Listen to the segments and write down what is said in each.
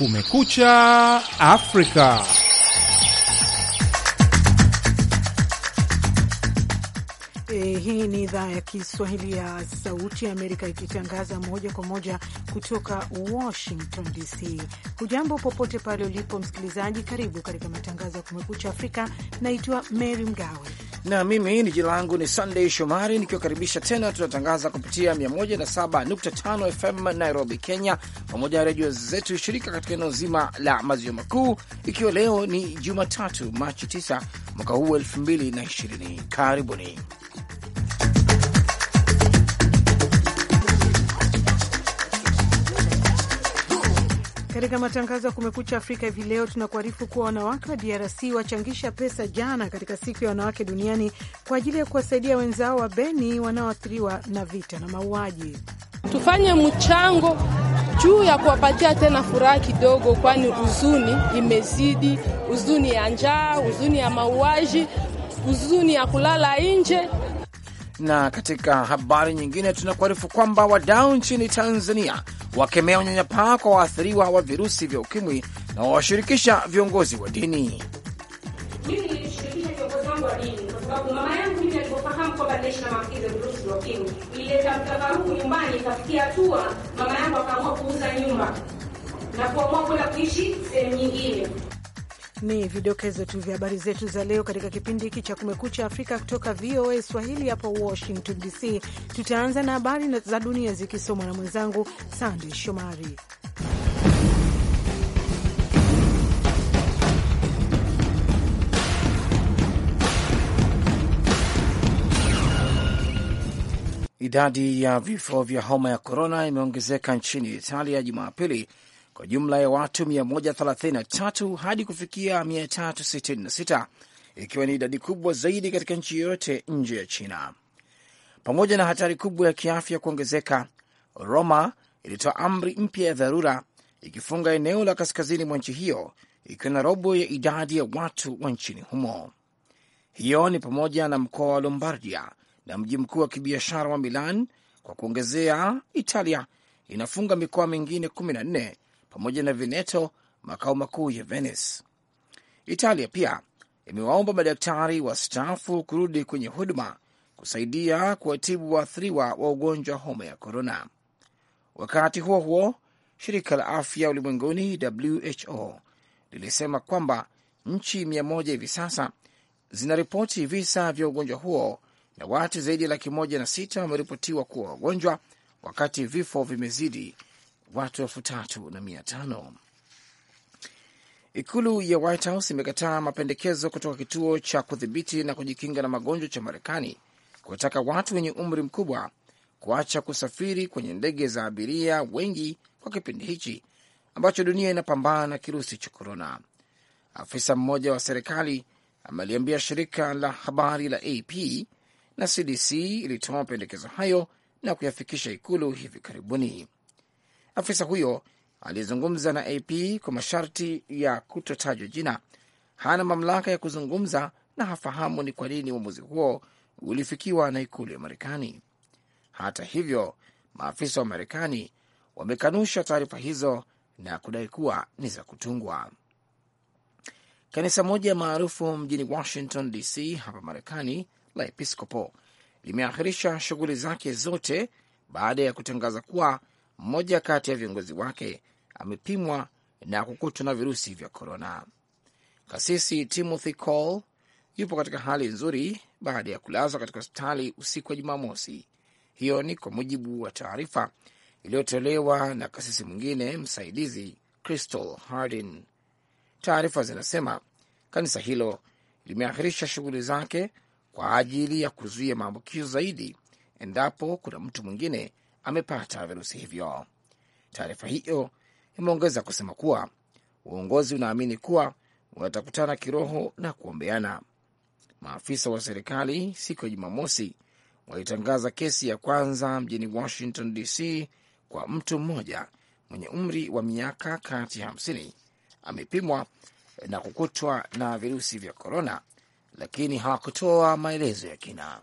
Kumekucha Afrika. Eh, hii ni idhaa ya Kiswahili ya Sauti ya Amerika ikitangaza moja kwa moja kutoka Washington DC. Hujambo popote pale ulipo msikilizaji, karibu katika matangazo ya Kumekucha Afrika. Naitwa Mary Mgawe na mimi ni jina langu ni Sunday Shomari, nikiwakaribisha tena. Tunatangaza kupitia 107.5 FM Nairobi, Kenya, pamoja na redio zetu shirika katika eneo zima la maziwa makuu, ikiwa leo ni Jumatatu Machi 9 mwaka huu 2020. Karibuni. Katika matangazo ya Kumekucha Afrika hivi leo tunakuarifu kuwa wanawake wa DRC wachangisha pesa jana katika siku ya wanawake duniani kwa ajili ya kuwasaidia wenzao wa Beni wanaoathiriwa na vita na mauaji. Tufanye mchango juu ya kuwapatia tena furaha kidogo, kwani huzuni imezidi, huzuni ya njaa, huzuni ya mauaji, huzuni ya kulala nje. Na katika habari nyingine tunakuarifu kwamba wadau nchini Tanzania wakemea unyanyapaa kwa waathiriwa wa virusi vya ukimwi na wawashirikisha viongozi wa dini. Mimi nilishirikisha viongozi wangu wa dini kwa sababu mama yangu mimi alipofahamu kwamba naishi na maambukizi ya virusi vya ukimwi, ilileta mtafaruku nyumbani, ikafikia hatua mama yangu akaamua kuuza nyumba na kuamua kwenda kuishi sehemu nyingine. Ni vidokezo tu vya habari zetu za leo katika kipindi hiki cha Kumekucha Afrika kutoka VOA Swahili hapa Washington DC. Tutaanza na habari za dunia zikisomwa na mwenzangu Sandey Shomari. Idadi ya vifo vya homa ya korona imeongezeka nchini Italia Jumapili kwa jumla ya watu 133 hadi kufikia 366 ikiwa ni idadi kubwa zaidi katika nchi yoyote nje ya China. Pamoja na hatari kubwa ya kiafya kuongezeka, Roma ilitoa amri mpya ya dharura ikifunga eneo la kaskazini mwa nchi hiyo ikiwa na robo ya idadi ya watu wa nchini humo. Hiyo ni pamoja na mkoa wa Lombardia na mji mkuu wa kibiashara wa Milan. Kwa kuongezea, Italia inafunga mikoa mingine 14 pamoja na Veneto, makao makuu ya Venice. Italia pia imewaomba madaktari wastaafu kurudi kwenye huduma kusaidia kuwatibu waathiriwa wa ugonjwa homa ya korona. Wakati huo huo, shirika la afya ulimwenguni WHO lilisema kwamba nchi mia moja hivi sasa zinaripoti visa vya ugonjwa huo na watu zaidi ya laki moja na sita wameripotiwa kuwa wagonjwa, wakati vifo vimezidi watu elfu tatu na mia tano. Ikulu ya White House imekataa mapendekezo kutoka kituo cha kudhibiti na kujikinga na magonjwa cha Marekani kuwataka watu wenye umri mkubwa kuacha kusafiri kwenye ndege za abiria wengi kwa kipindi hichi ambacho dunia inapambana na kirusi cha korona. Afisa mmoja wa serikali ameliambia shirika la habari la AP na CDC ilitoa mapendekezo hayo na kuyafikisha ikulu hivi karibuni. Afisa huyo aliyezungumza na AP kwa masharti ya kutotajwa jina hana mamlaka ya kuzungumza na hafahamu ni kwa nini uamuzi huo ulifikiwa na ikulu ya Marekani. Hata hivyo, maafisa wa Marekani wamekanusha taarifa hizo na kudai kuwa ni za kutungwa. Kanisa moja maarufu mjini Washington DC hapa Marekani la Episcopo limeahirisha shughuli zake zote baada ya kutangaza kuwa mmoja kati ya viongozi wake amepimwa na kukutwa na virusi vya korona. Kasisi Timothy Cole yupo katika hali nzuri baada ya kulazwa katika hospitali usiku wa Jumamosi. Hiyo ni kwa mujibu wa taarifa iliyotolewa na kasisi mwingine msaidizi Crystal Hardin. Taarifa zinasema kanisa hilo limeahirisha shughuli zake kwa ajili ya kuzuia maambukizo zaidi endapo kuna mtu mwingine amepata virusi hivyo. Taarifa hiyo imeongeza kusema kuwa uongozi unaamini kuwa watakutana kiroho na kuombeana. Maafisa wa serikali siku ya Jumamosi walitangaza kesi ya kwanza mjini Washington DC kwa mtu mmoja mwenye umri wa miaka kati ya 50 amepimwa na kukutwa na virusi vya korona, lakini hawakutoa maelezo ya kina.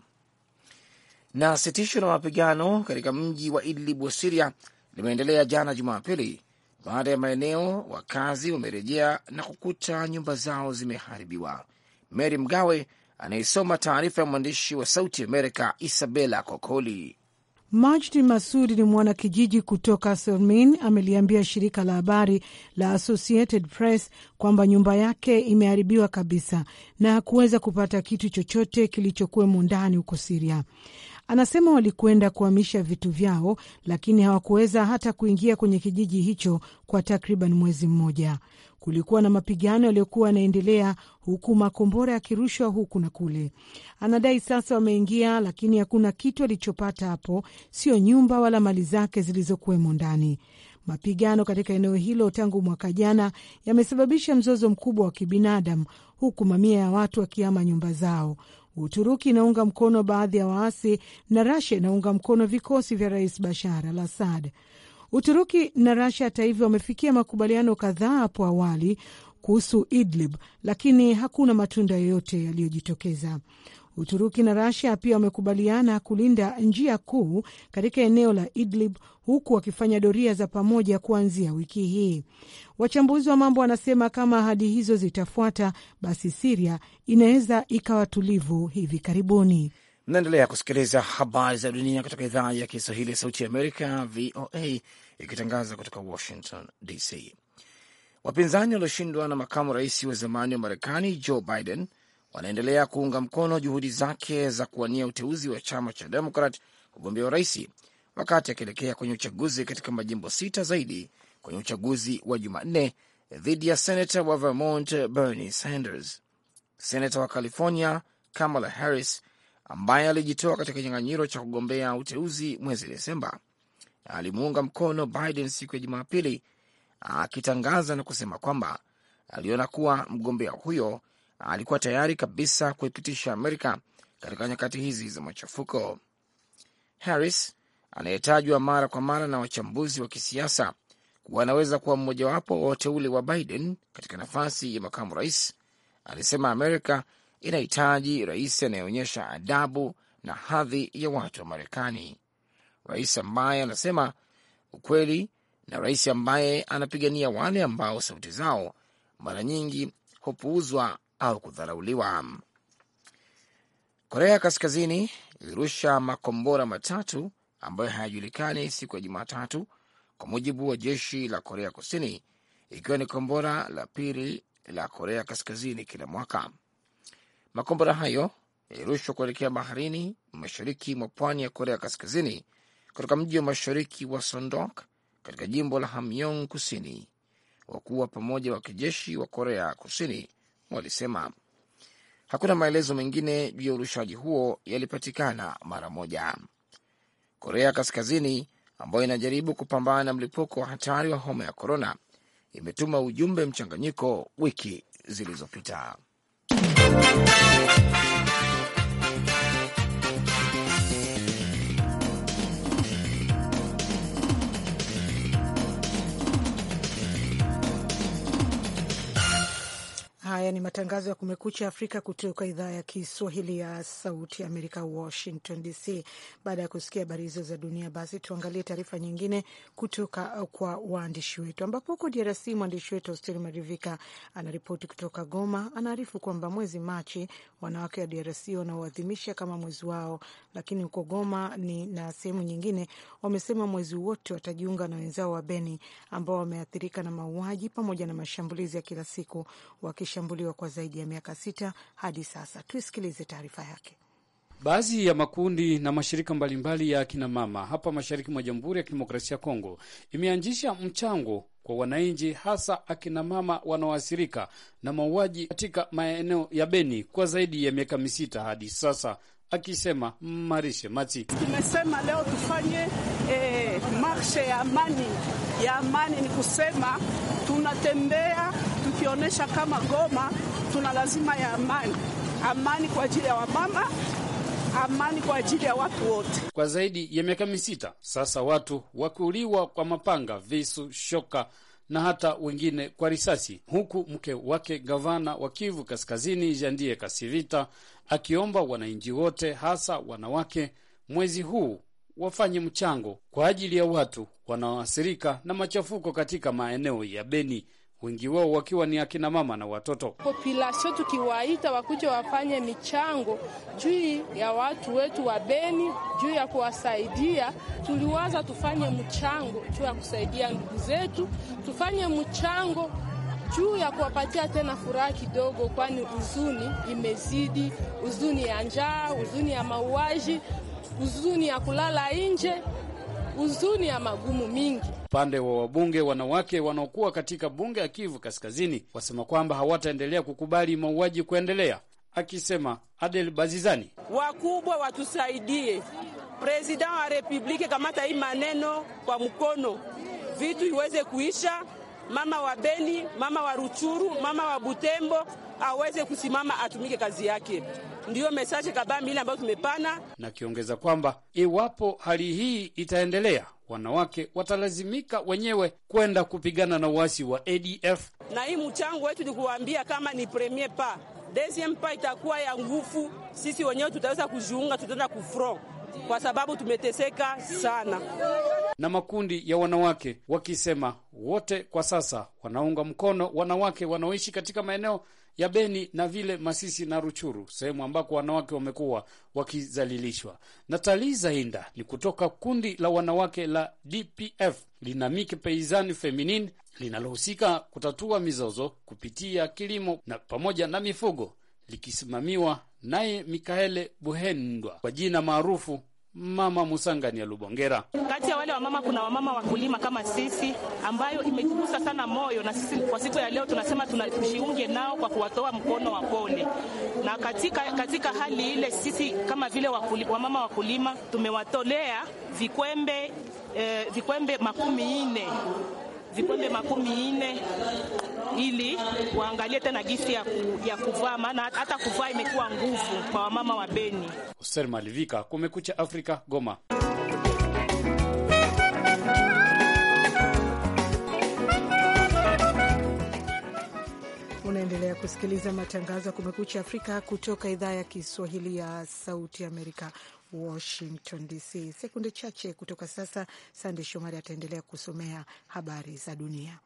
Na sitisho la mapigano katika mji wa Idlib wa Siria limeendelea jana Jumapili baada ya maeneo wakazi wamerejea na kukuta nyumba zao zimeharibiwa. Mary Mgawe anayesoma taarifa ya mwandishi wa Sauti Amerika Isabela Kokoli. Majdi Masudi ni mwanakijiji kutoka sermin ameliambia shirika la habari la Associated Press kwamba nyumba yake imeharibiwa kabisa na hakuweza kupata kitu chochote kilichokuwemo ndani huko Siria. Anasema walikwenda kuhamisha vitu vyao, lakini hawakuweza hata kuingia kwenye kijiji hicho kwa takriban mwezi mmoja. Kulikuwa na mapigano yaliyokuwa yanaendelea huku makombora yakirushwa huku na kule. Anadai sasa wameingia, lakini hakuna kitu alichopata hapo, sio nyumba wala mali zake zilizokuwemo ndani. Mapigano katika eneo hilo tangu mwaka jana yamesababisha mzozo mkubwa wa kibinadamu, huku mamia ya watu wakihama nyumba zao, Uturuki inaunga mkono baadhi ya waasi na Rasia inaunga mkono vikosi vya Rais Bashar al Assad. Uturuki na Rasia hata hivyo wamefikia makubaliano kadhaa hapo awali kuhusu Idlib, lakini hakuna matunda yoyote yaliyojitokeza. Uturuki na Rasia pia wamekubaliana kulinda njia kuu katika eneo la Idlib huku wakifanya doria za pamoja kuanzia wiki hii. Wachambuzi wa mambo wanasema kama ahadi hizo zitafuata, basi Siria inaweza ikawa tulivu hivi karibuni. Mnaendelea kusikiliza habari za dunia kutoka idhaa ya Kiswahili ya Sauti ya Amerika, VOA, ikitangaza kutoka Washington DC. Wapinzani walioshindwa na makamu rais wa zamani wa Marekani Joe Biden wanaendelea kuunga mkono juhudi zake za kuwania uteuzi wa chama cha Demokrat kugombea urais wakati akielekea kwenye uchaguzi katika majimbo sita zaidi kwenye uchaguzi wa Jumanne dhidi ya senata wa Vermont Bernie Sanders. Senata wa California Kamala Harris ambaye alijitoa katika kinyang'anyiro cha kugombea uteuzi mwezi Desemba alimuunga mkono Biden siku ya Jumapili, akitangaza na kusema kwamba aliona kuwa mgombea huyo alikuwa tayari kabisa kuipitisha Amerika katika nyakati hizi za machafuko. Harris anayetajwa mara kwa mara na wachambuzi wa kisiasa kuwa anaweza kuwa mmojawapo wa wateule wa Biden katika nafasi ya makamu rais, alisema Amerika inahitaji rais anayeonyesha adabu na hadhi ya watu wa Marekani, rais ambaye anasema ukweli na rais ambaye anapigania wale ambao sauti zao mara nyingi hupuuzwa au kudharauliwa. Korea Kaskazini ilirusha makombora matatu ambayo hayajulikani siku ya Jumatatu, kwa mujibu wa jeshi la Korea Kusini, ikiwa ni kombora la pili la Korea Kaskazini kila mwaka. Makombora hayo yalirushwa kuelekea baharini mashariki mwa pwani ya Korea Kaskazini, kutoka mji wa mashariki wa Sondok katika jimbo la Hamyong Kusini. Wakuu wa pamoja wa kijeshi wa Korea Kusini walisema. Hakuna maelezo mengine juu ya urushaji huo yalipatikana mara moja. Korea Kaskazini ambayo inajaribu kupambana na mlipuko wa hatari wa homa ya korona imetuma ujumbe mchanganyiko wiki zilizopita. Haya ni matangazo ya Kumekucha Afrika kutoka idhaa ya Kiswahili ya Sauti Amerika, Washington DC. Baada ya kusikia habari hizo za dunia, basi tuangalie taarifa nyingine kutoka kwa waandishi wetu, ambapo huko DRC mwandishi wetu Austeri Marivika anaripoti kutoka Goma. Anaarifu kwamba mwezi Machi wanawake wa DRC wanaoadhimisha kama mwezi wao, lakini huko Goma ni na sehemu nyingine wamesema mwezi wote watajiunga na wenzao wa Beni ambao wameathirika na mauaji pamoja na mashambulizi ya kila siku wakishambulia kuchukuliwa kwa zaidi ya miaka sita hadi sasa. Tuisikilize taarifa yake. Baadhi ya makundi na mashirika mbalimbali mbali ya akinamama hapa mashariki mwa Jamhuri ya Kidemokrasia ya Kongo imeanzisha mchango kwa wananchi, hasa akinamama wanaoathirika na mauaji katika maeneo ya Beni kwa zaidi ya miaka misita hadi sasa, akisema Marishe Mati. Tumesema leo tufanye eh, marshe ya amani. Ya amani ni kusema tunatembea ikionyesha kama Goma tuna lazima ya amani, amani kwa ajili ya wamama amani kwa ajili ya watu wote. Kwa zaidi ya miaka misita sasa, watu wakiuliwa kwa mapanga, visu, shoka na hata wengine kwa risasi, huku mke wake gavana wa Kivu Kaskazini Jandie Kasivita akiomba wananchi wote, hasa wanawake, mwezi huu wafanye mchango kwa ajili ya watu wanaoathirika na machafuko katika maeneo ya Beni wengi wao wakiwa ni akina mama na watoto. Populasio tukiwaita wakuja wafanye michango juu ya watu wetu wa Beni, juu ya kuwasaidia. Tuliwaza tufanye mchango juu ya kusaidia ndugu zetu, tufanye mchango juu ya kuwapatia tena furaha kidogo, kwani huzuni imezidi, huzuni ya njaa, huzuni ya mauaji, huzuni ya kulala nje huzuni ya magumu mingi. Upande wa wabunge wanawake wanaokuwa katika bunge ya Kivu Kaskazini wasema kwamba hawataendelea kukubali mauaji kuendelea, akisema Adel Bazizani, wakubwa watusaidie, prezident wa republiki, kamata hii maneno kwa mkono, vitu iweze kuisha. Mama wa Beni, mama wa Ruchuru, mama wa Butembo aweze kusimama, atumike kazi yake. Ndiyo mesaje kabambi ile ambayo tumepana, na kiongeza kwamba iwapo hali hii itaendelea wanawake watalazimika wenyewe kwenda kupigana na uasi wa ADF. Na hii mchango wetu ni kuwaambia kama ni premier pa deuxième pa itakuwa ya nguvu, sisi wenyewe tutaweza kujiunga, tutaenda kufro kwa sababu tumeteseka sana. Na makundi ya wanawake wakisema wote kwa sasa wanaunga mkono wanawake wanaoishi katika maeneo ya Beni na vile Masisi na Ruchuru, sehemu ambako wanawake wamekuwa wakizalilishwa. Natali Zainda ni kutoka kundi la wanawake la DPF linamike peizani feminin linalohusika kutatua mizozo kupitia kilimo na pamoja na mifugo likisimamiwa naye Mikaele Buhendwa kwa jina maarufu Mama Musangani ya Lubongera. Kati ya wale wamama kuna wamama wakulima kama sisi, ambayo imetugusa sana moyo, na sisi kwa siku ya leo tunasema tunashiunge nao kwa kuwatoa mkono wa pole. Na katika, katika hali ile sisi kama vile wakulima, wamama wakulima tumewatolea vikwembe, eh, vikwembe makumi nne vikombe makumi nne ili waangalie tena gisi ya, ku, ya kuvaa, maana hata kuvaa imekuwa nguvu kwa wamama wa Beni. Hoser Malivika, Kumekucha Afrika, Goma. Unaendelea kusikiliza matangazo ya Kumekucha Afrika kutoka idhaa ya Kiswahili ya Sauti Amerika. Washington DC. Sekunde chache kutoka sasa, Sande Shomari ataendelea kusomea habari za dunia.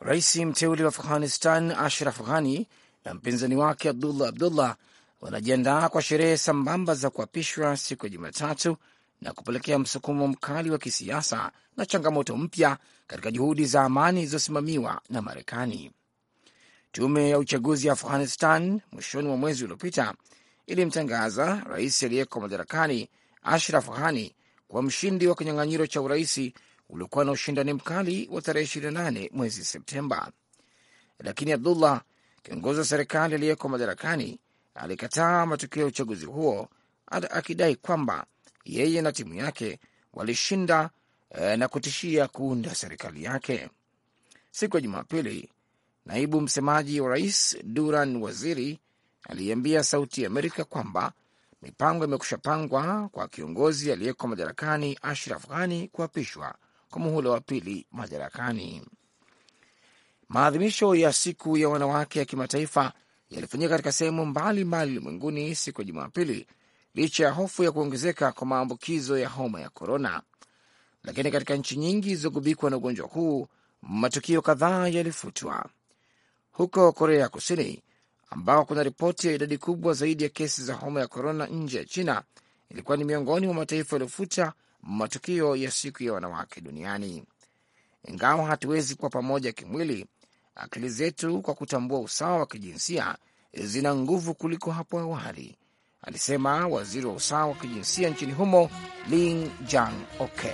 Rais mteule wa Afghanistan Ashraf Ghani na mpinzani wake Abdullah Abdullah wanajiandaa kwa sherehe sambamba za kuapishwa siku ya Jumatatu na kupelekea msukumo mkali wa kisiasa na changamoto mpya katika juhudi za amani zilizosimamiwa na Marekani. Tume ya uchaguzi ya Afghanistan mwishoni mwa mwezi uliopita ilimtangaza rais aliyeko madarakani Ashraf Ghani kwa mshindi wa kinyang'anyiro cha uraisi uliokuwa na ushindani mkali wa tarehe 28 mwezi Septemba, lakini Abdullah, kiongozi wa serikali aliyeko madarakani, alikataa matokeo ya uchaguzi huo akidai kwamba yeye na timu yake walishinda eh, na kutishia kuunda serikali yake. Siku ya Jumapili, Naibu msemaji wa rais Duran Waziri aliyeambia Sauti ya Amerika kwamba mipango imekusha pangwa kwa kiongozi aliyeko madarakani Ashraf Ghani kuapishwa kwa muhula wa pili madarakani. Maadhimisho ya siku ya wanawake ya kimataifa yalifanyika katika sehemu mbalimbali ulimwenguni siku ya Jumapili licha ya hofu ya kuongezeka kwa maambukizo ya homa ya korona. Lakini katika nchi nyingi zilizogubikwa na ugonjwa huu, matukio kadhaa yalifutwa huko Korea ya Kusini, ambao kuna ripoti ya idadi kubwa zaidi ya kesi za homa ya korona nje ya China, ilikuwa ni miongoni mwa mataifa yaliyofuta matukio ya siku ya wanawake duniani. Ingawa hatuwezi kuwa pamoja kimwili, akili zetu kwa kutambua usawa wa kijinsia zina nguvu kuliko hapo awali, alisema waziri wa usawa wa kijinsia nchini humo Ling Jang Oke.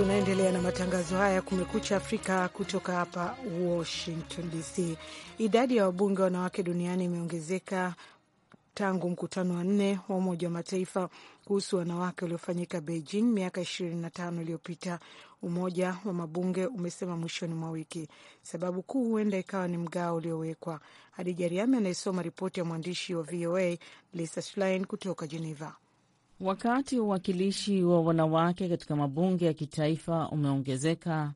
Tunaendelea na matangazo haya ya Kumekucha Afrika kutoka hapa Washington DC. Idadi ya wabunge wanawake duniani imeongezeka tangu mkutano wa nne wa Umoja wa Mataifa kuhusu wanawake uliofanyika Beijing miaka 25 iliyopita, Umoja wa Mabunge umesema mwishoni mwa wiki. Sababu kuu huenda ikawa ni mgao uliowekwa. Hadija Riami anayesoma ripoti ya mwandishi wa VOA Lisa Schlein kutoka Geneva. Wakati uwakilishi wa wanawake katika mabunge ya kitaifa umeongezeka,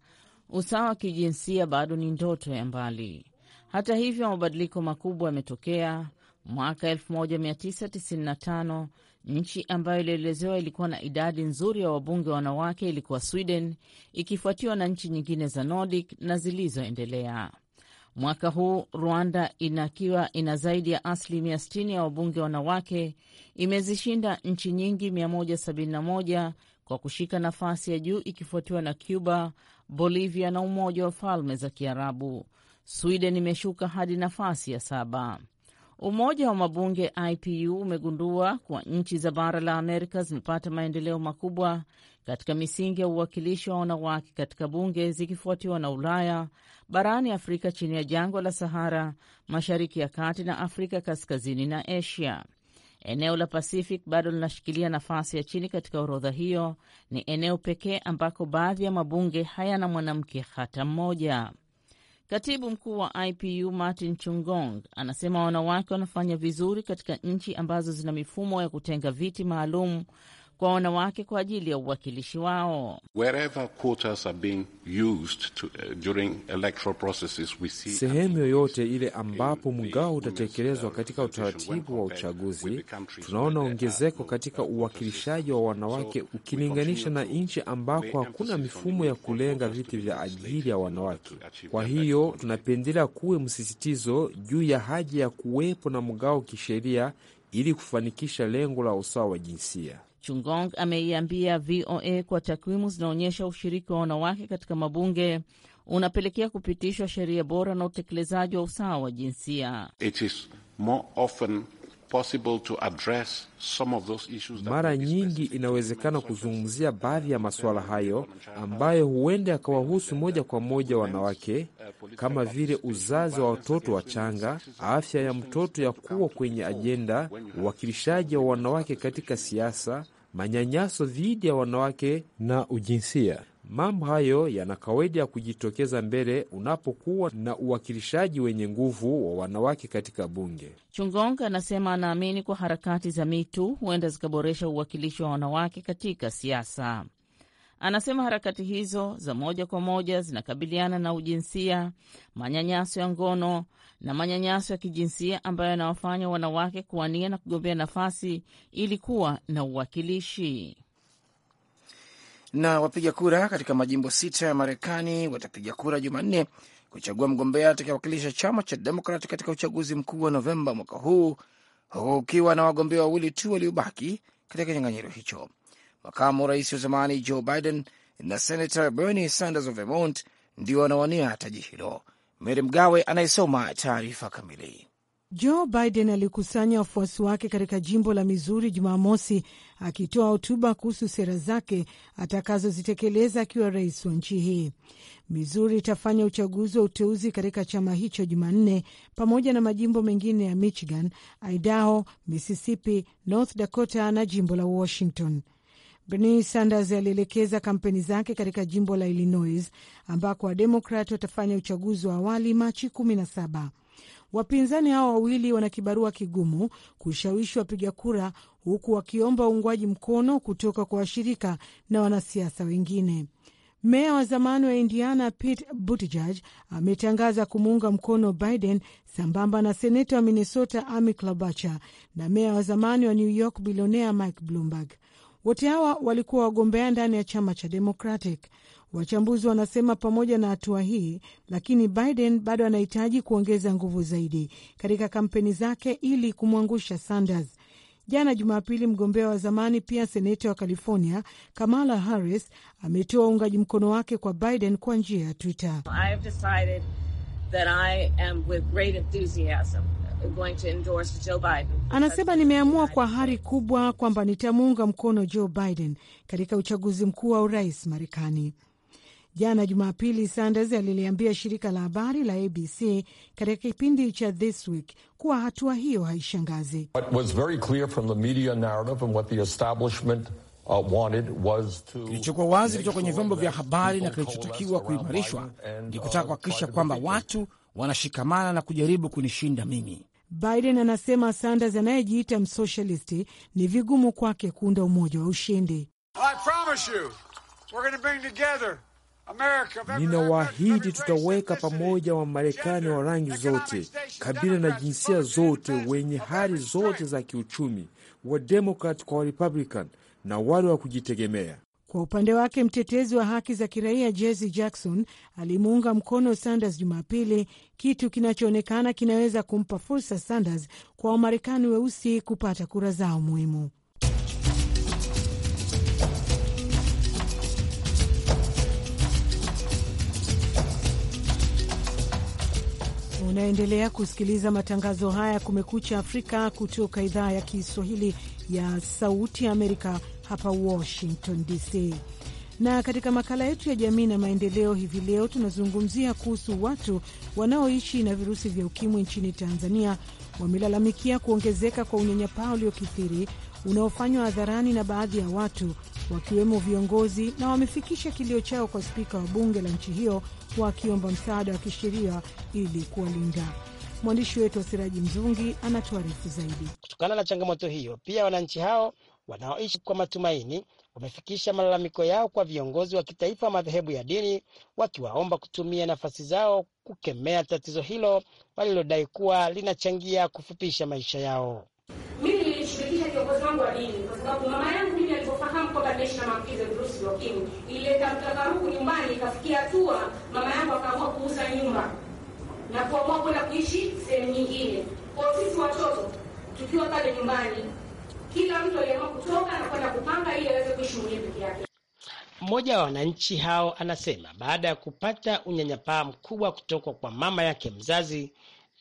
usawa wa kijinsia bado ni ndoto ya mbali. Hata hivyo, mabadiliko makubwa yametokea. Mwaka 1995 nchi ambayo ilielezewa ilikuwa na idadi nzuri ya wabunge wa wanawake ilikuwa Sweden, ikifuatiwa na nchi nyingine za Nordic na zilizoendelea. Mwaka huu Rwanda inakiwa ina zaidi ya asilimia 60 ya wabunge wanawake, imezishinda nchi nyingi 171 kwa kushika nafasi ya juu ikifuatiwa na Cuba, Bolivia na Umoja wa Falme za Kiarabu. Sweden imeshuka hadi nafasi ya saba. Umoja wa mabunge IPU umegundua kuwa nchi za bara la Amerika zimepata maendeleo makubwa katika misingi ya uwakilishi wa wanawake katika bunge zikifuatiwa na Ulaya, barani Afrika chini ya jangwa la Sahara, mashariki ya kati na Afrika kaskazini na Asia. Eneo la Pacific bado linashikilia nafasi ya chini katika orodha hiyo. Ni eneo pekee ambako baadhi ya mabunge hayana mwanamke hata mmoja. Katibu mkuu wa IPU Martin Chungong anasema wanawake wanafanya vizuri katika nchi ambazo zina mifumo ya kutenga viti maalum kwa wanawake kwa ajili ya uwakilishi wao. Uh, Sehemu yoyote ile ambapo mgao utatekelezwa uh, katika utaratibu wa uchaguzi, tunaona ongezeko katika uwakilishaji wa wanawake ukilinganisha na nchi ambako hakuna mifumo ya kulenga viti vya ajili ya wanawake. Kwa hiyo tunapendelea kuwe msisitizo juu ya haja ya kuwepo na mgao kisheria ili kufanikisha lengo la usawa wa jinsia. Chungong ameiambia VOA kwa takwimu zinaonyesha ushiriki wa wanawake katika mabunge unapelekea kupitishwa sheria bora na utekelezaji wa usawa wa jinsia. It is more often mara nyingi inawezekana kuzungumzia baadhi ya masuala hayo ambayo huenda yakawahusu moja kwa moja wanawake, kama vile uzazi wa watoto wachanga, afya ya mtoto ya kuwa kwenye ajenda, uwakilishaji wa wanawake katika siasa, manyanyaso dhidi ya wanawake na ujinsia. Mambo hayo yana kawaida ya kujitokeza mbele unapokuwa na uwakilishaji wenye nguvu wa wanawake katika bunge. Chungong anasema anaamini kwa harakati za mitu huenda zikaboresha uwakilishi wa wanawake katika siasa. Anasema harakati hizo za moja kwa moja zinakabiliana na ujinsia, manyanyaso ya ngono, na manyanyaso ya kijinsia ambayo yanawafanya wanawake kuwania na kugombea nafasi ili kuwa na uwakilishi. Na wapiga kura katika majimbo sita ya Marekani watapiga kura Jumanne kuchagua mgombea atakayewakilisha chama cha Demokrat katika uchaguzi mkuu wa Novemba mwaka huu, huku ukiwa na wagombea wawili tu waliobaki katika kinyang'anyiro hicho, makamu rais wa zamani Joe Biden na senator Bernie Sanders wa Vermont ndio wanawania taji hilo. Meri Mgawe anayesoma taarifa kamili. Joe Biden alikusanya wafuasi wake katika jimbo la Mizuri Jumamosi, akitoa hotuba kuhusu sera zake atakazozitekeleza akiwa rais wa nchi hii. Mizuri itafanya uchaguzi wa uteuzi katika chama hicho Jumanne, pamoja na majimbo mengine ya Michigan, Idaho, Mississippi, North Dakota na jimbo la Washington. Bernie Sanders alielekeza kampeni zake katika jimbo la Illinois ambako Wademokrat watafanya uchaguzi wa awali Machi 17. Wapinzani hao wawili wana kibarua kigumu kushawishi wapiga kura, huku wakiomba uungwaji mkono kutoka kwa washirika na wanasiasa wengine. Meya wa zamani wa Indiana Pete Buttigieg ametangaza kumuunga mkono Biden sambamba na seneta wa Minnesota Amy Klobuchar na meya wa zamani wa New York bilionea Mike Bloomberg. Wote hawa walikuwa wagombea ndani ya chama cha Democratic. Wachambuzi wanasema pamoja na hatua hii, lakini Biden bado anahitaji kuongeza nguvu zaidi katika kampeni zake ili kumwangusha Sanders. Jana Jumapili, mgombea wa zamani pia seneta wa California Kamala Harris ametoa uungaji mkono wake kwa Biden kwa njia ya Twitter going to endorse Joe Biden. Anasema nimeamua kwa hari kubwa kwamba nitamuunga mkono Joe Biden katika uchaguzi mkuu wa urais Marekani. Jana Jumapili, Sanders aliliambia shirika la habari la ABC katika kipindi cha This Week kuwa hatua hiyo haishangazi. Kilichokuwa wazi kutoka kwenye vyombo vya habari na kilichotakiwa kuimarishwa ni kutaka uh, kuhakikisha kwamba watu wanashikamana na kujaribu kunishinda mimi. Biden anasema Sanders anayejiita msosialisti ni vigumu kwake kuunda umoja wa ushindi. Ninawaahidi tutaweka pamoja Wamarekani wa rangi zote, kabila na jinsia zote, wenye hali zote za kiuchumi, Wademokrat kwa Warepublican na wale wa kujitegemea. Kwa upande wake, mtetezi wa haki za kiraia Jesse Jackson alimuunga mkono Sanders Jumapili, kitu kinachoonekana kinaweza kumpa fursa Sanders kwa Wamarekani weusi kupata kura zao muhimu. Unaendelea kusikiliza matangazo haya Kumekucha Afrika kutoka idhaa ya Kiswahili ya Sauti ya Amerika hapa Washington DC. Na katika makala yetu ya jamii na maendeleo hivi leo tunazungumzia kuhusu watu wanaoishi na virusi vya ukimwi nchini Tanzania wamelalamikia kuongezeka kwa unyanyapaa uliokithiri unaofanywa hadharani na baadhi ya watu wakiwemo viongozi, na wamefikisha kilio chao kwa spika wa bunge la nchi hiyo wakiomba msaada wa kisheria ili kuwalinda. Mwandishi wetu Siraji Mzungi anatuarifu zaidi. Kutokana na changamoto hiyo, pia wananchi hao wanaoishi kwa matumaini wamefikisha malalamiko yao kwa viongozi wa kitaifa wa madhehebu ya dini, wakiwaomba kutumia nafasi zao kukemea tatizo hilo walilodai kuwa linachangia kufupisha maisha yao. Mimi nilishirikisha viongozi wangu wa dini kwa sababu mama yangu mimi alivyofahamu kwamba naishi na maambukizi ya virusi vya ukimwi, ilileta mtafaruku nyumbani, ikafikia hatua mama yangu akaamua kuuza nyumba na kuamua kwenda kuishi sehemu nyingine. Kwa sisi watoto tukiwa pale nyumbani, kila mtu aliamua kutoka na kwenda kupanga ili aweze kuishi mwenyewe peke yake. Mmoja wa wananchi hao anasema baada ya kupata unyanyapaa mkubwa kutoka kwa mama yake mzazi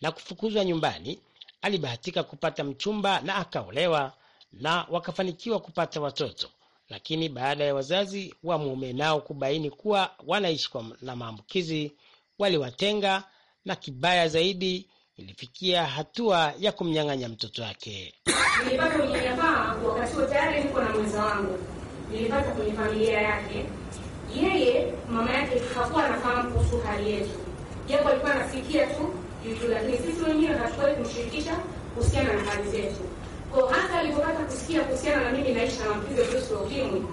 na kufukuzwa nyumbani, alibahatika kupata mchumba na akaolewa na wakafanikiwa kupata watoto, lakini baada ya wazazi wa mume nao kubaini kuwa wanaishi na maambukizi, waliwatenga na kibaya zaidi ilifikia hatua ya kumnyang'anya mtoto wake. Nilipata unyanyapaa wakati huo, tayari niko na mwenza wangu, nilipata kwenye familia yake. Yeye mama yake hakuwa anafahamu kuhusu hali yetu, japo alikuwa anasikia tu juu, lakini sisi wenyewe hatukuwahi kumshirikisha kuhusiana na hali zetu. Kwa hata alivyopata kusikia kuhusiana na mimi naishi na maambukizi ya virusi vya ukimwi,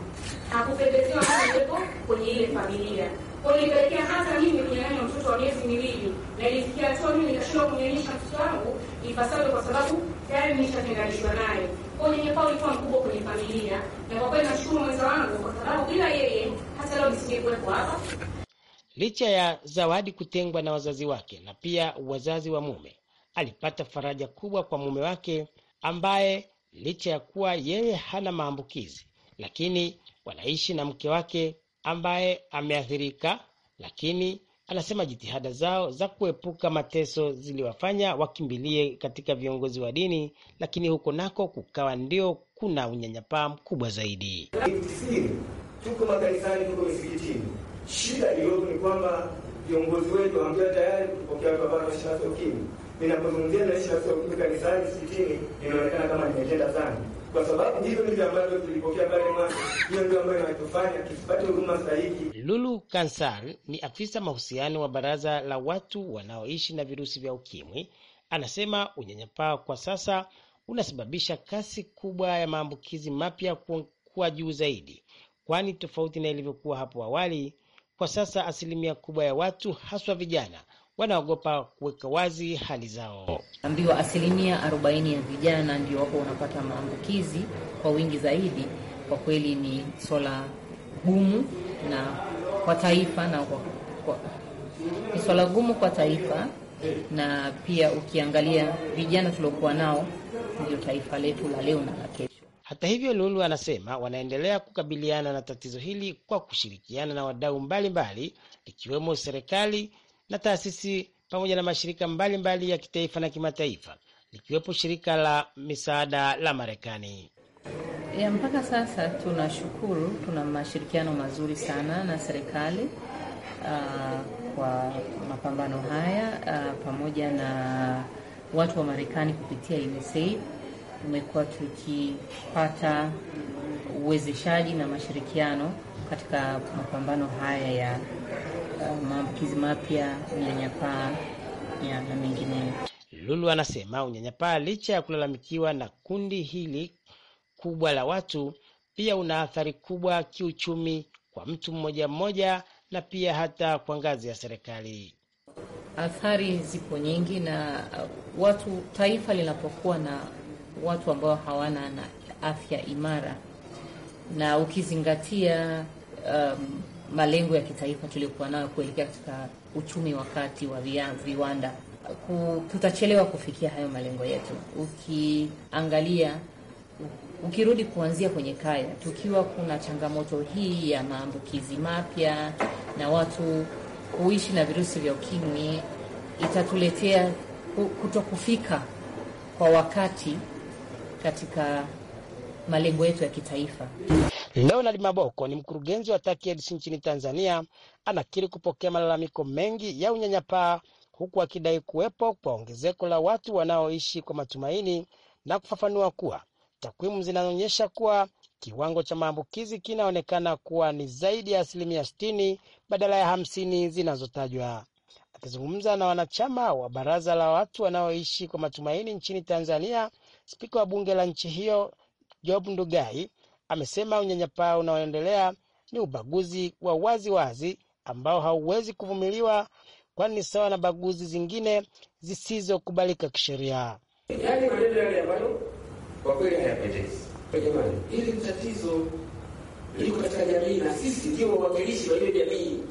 hakupendezewa kuwepo kwenye ile familia. Kwa ilipelekea hata mimi kunyang'anywa na mtoto wa miezi miwili, na ilifikia hatua mimi nikashindwa kumnyonyesha mtoto wangu ipasavyo, kwa sababu tayari nimeshatenganishwa naye. Kwa hiyo ulikuwa mkubwa kwenye familia, na kwa kweli nashukuru mwenza wangu, kwa sababu bila yeye hata leo nisingekuwepo hapa. Licha ya Zawadi kutengwa na wazazi wake na pia wazazi wa mume, alipata faraja kubwa kwa mume wake ambaye licha ya kuwa yeye hana maambukizi, lakini wanaishi na mke wake ambaye ameathirika, lakini anasema jitihada zao za kuepuka mateso ziliwafanya wakimbilie katika viongozi wa dini, lakini huko nako kukawa ndio kuna unyanyapaa mkubwa zaidi. Tuko makanisani, tuko misikitini. Shida iliyopo ni kwamba viongozi wetu hamjua tayari kupokea pambano wa shirika la ukimwi. Ninapozungumzia na shirika la ukimwi kanisani, misikitini, inaonekana kama nimetenda sana kwa sababu hivyo ndivyo ambavyo tulipokea pale mwanzo. Hiyo ndio ambayo inatufanya tusipate huduma sahihi. Lulu Kansan ni afisa mahusiano wa baraza la watu wanaoishi na virusi vya ukimwi, anasema unyanyapaa kwa sasa unasababisha kasi kubwa ya maambukizi mapya kuwa juu zaidi, kwani tofauti na ilivyokuwa hapo awali, kwa sasa asilimia kubwa ya watu haswa vijana wanaogopa kuweka wazi hali zao. Ambiwa asilimia arobaini ya vijana ndio wako wanapata maambukizi kwa wingi zaidi. Kwa kweli ni swala gumu na kwa taifa na kwa, kwa, ni swala gumu kwa taifa na pia ukiangalia vijana tuliokuwa nao ndio taifa letu la leo na la kesho. Hata hivyo, Lulu anasema wanaendelea kukabiliana na tatizo hili kwa kushirikiana na wadau mbalimbali ikiwemo serikali, na taasisi pamoja na mashirika mbalimbali mbali ya kitaifa na kimataifa likiwepo shirika la misaada la Marekani. Ya mpaka sasa tunashukuru, tuna mashirikiano mazuri sana na serikali uh, kwa mapambano haya uh, pamoja na watu wa Marekani kupitia USAID tumekuwa tukipata uwezeshaji na mashirikiano katika mapambano haya ya maambukizi mapya, unyanyapaa na mengineyo. Lulu anasema unyanyapaa, licha ya kulalamikiwa na kundi hili kubwa la watu, pia una athari kubwa kiuchumi kwa mtu mmoja mmoja na pia hata kwa ngazi ya serikali. Athari zipo nyingi, na uh, watu taifa linapokuwa na watu ambao hawana na afya imara na ukizingatia um, malengo ya kitaifa tuliyokuwa nayo kuelekea katika uchumi wa kati wa viwanda tutachelewa kufikia hayo malengo yetu. Ukiangalia, ukirudi kuanzia kwenye kaya, tukiwa kuna changamoto hii ya maambukizi mapya na watu kuishi na virusi vya ukimwi, itatuletea kutokufika kwa wakati katika malengo yetu ya kitaifa. Leonard Maboko ni mkurugenzi wa TACAIDS nchini Tanzania, anakiri kupokea malalamiko mengi ya unyanyapaa, huku akidai kuwepo kwa ongezeko la watu wanaoishi kwa matumaini na kufafanua kuwa takwimu zinaonyesha kuwa kiwango cha maambukizi kinaonekana kuwa ni zaidi ya asilimia 60 badala ya hamsini zinazotajwa. Akizungumza na wanachama wa baraza la watu wanaoishi kwa matumaini nchini Tanzania, spika wa bunge la nchi hiyo Job Ndugai amesema unyanyapaa unaoendelea ni ubaguzi wa waziwazi wazi ambao hauwezi kuvumiliwa, kwani ni sawa na baguzi zingine zisizokubalika kisheria. Yani maneno yale ambayo kwa kweli hayapendezi. Jamani, hili tatizo liko katika jamii na sisi ndio wawakilishi wa hiyo jamii.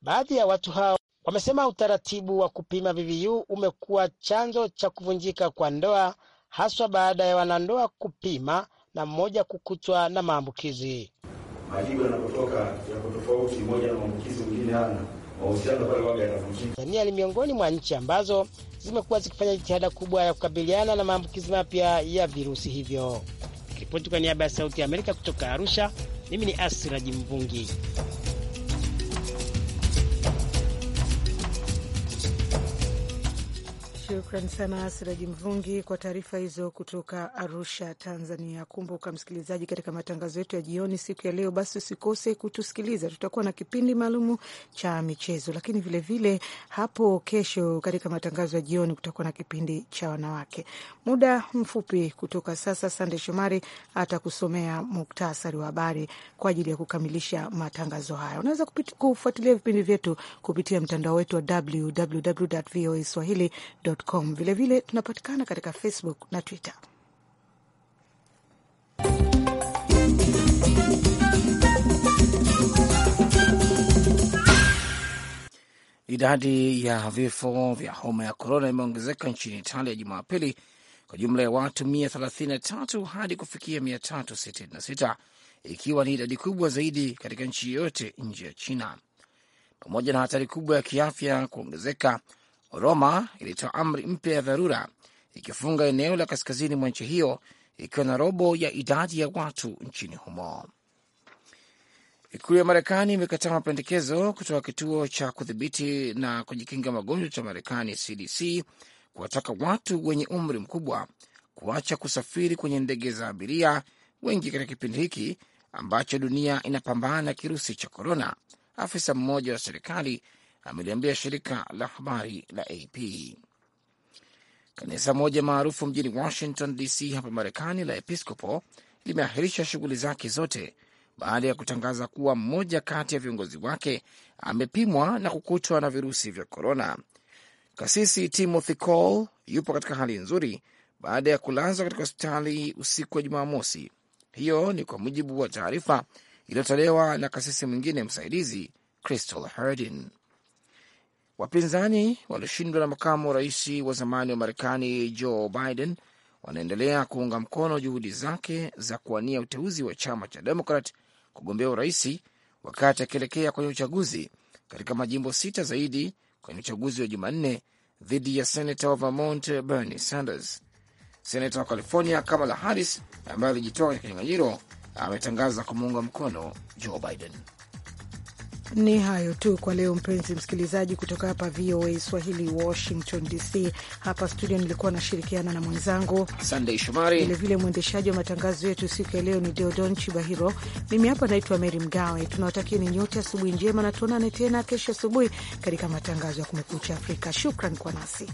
Baadhi ya watu hao wamesema utaratibu wa kupima VVU umekuwa chanzo cha kuvunjika kwa ndoa haswa baada ya wanandoa kupima na mmoja kukutwa na maambukizi. Majibu yanapotoka yako tofauti, moja na maambukizi, mwingine hana mahusiano pale waga yanavunjika. Tanzania ni miongoni mwa nchi ambazo zimekuwa zikifanya jitihada kubwa ya kukabiliana na maambukizi mapya ya virusi hivyo. Ripoti kwa niaba ya Sauti ya Amerika kutoka Arusha, mimi ni Asiraji Mvungi. Shukran sana Siraji Mvungi kwa taarifa hizo kutoka Arusha, Tanzania. Kumbuka msikilizaji, katika matangazo yetu ya jioni siku ya leo, basi usikose kutusikiliza. Tutakuwa na kipindi maalumu cha michezo, lakini vilevile vile, hapo kesho katika matangazo ya jioni kutakuwa na kipindi cha wanawake. Muda mfupi kutoka sasa, Sande Shomari atakusomea muktasari wa habari kwa ajili ya kukamilisha matangazo haya. Unaweza kufuatilia vipindi vyetu kupitia mtandao wetu wa www voa swahili gmail.com. Vilevile tunapatikana katika Facebook na Twitter. Idadi ya vifo vya homa ya korona imeongezeka nchini Italia Jumapili kwa jumla ya watu 133 hadi kufikia 366 ikiwa ni idadi kubwa zaidi katika nchi yoyote nje ya China. Pamoja na hatari kubwa ya kiafya kuongezeka, Roma ilitoa amri mpya ya dharura ikifunga eneo la kaskazini mwa nchi hiyo ikiwa na robo ya idadi ya watu nchini humo. Ikulu ya Marekani imekataa mapendekezo kutoka kituo cha kudhibiti na kujikinga magonjwa cha Marekani, CDC, kuwataka watu wenye umri mkubwa kuacha kusafiri kwenye ndege za abiria wengi katika kipindi hiki ambacho dunia inapambana na kirusi cha korona. Afisa mmoja wa serikali ameliambia shirika la habari la AP. Kanisa moja maarufu mjini Washington DC hapa Marekani la episcopo limeahirisha shughuli zake zote baada ya kutangaza kuwa mmoja kati ya viongozi wake amepimwa na kukutwa na virusi vya korona. Kasisi Timothy Cole yupo katika hali nzuri baada ya kulazwa katika hospitali usiku wa Jumamosi. Hiyo ni kwa mujibu wa taarifa iliyotolewa na kasisi mwingine msaidizi Crystal herdin Wapinzani walioshindwa na makamu wa rais wa zamani wa Marekani Joe Biden wanaendelea kuunga mkono juhudi zake za kuwania uteuzi wa chama cha Demokrat kugombea uraisi wakati akielekea kwenye uchaguzi katika majimbo sita zaidi kwenye uchaguzi wa Jumanne dhidi ya senata wa Vermont Bernie Sanders. Senata wa California Kamala Harris ambaye alijitoa katika kinyang'anyiro ametangaza kumuunga mkono Joe Biden. Ni hayo tu kwa leo, mpenzi msikilizaji, kutoka hapa VOA Swahili, Washington DC. Hapa studio nilikuwa nashirikiana na mwenzangu Sandey Shomari, vilevile mwendeshaji wa matangazo yetu siku ya leo ni Deodon Chibahiro. Mimi hapa naitwa Meri Mgawe. Tunawatakia ni nyote asubuhi njema, na tuonane tena kesho asubuhi katika matangazo ya Kumekucha Afrika. Shukran kwa nasi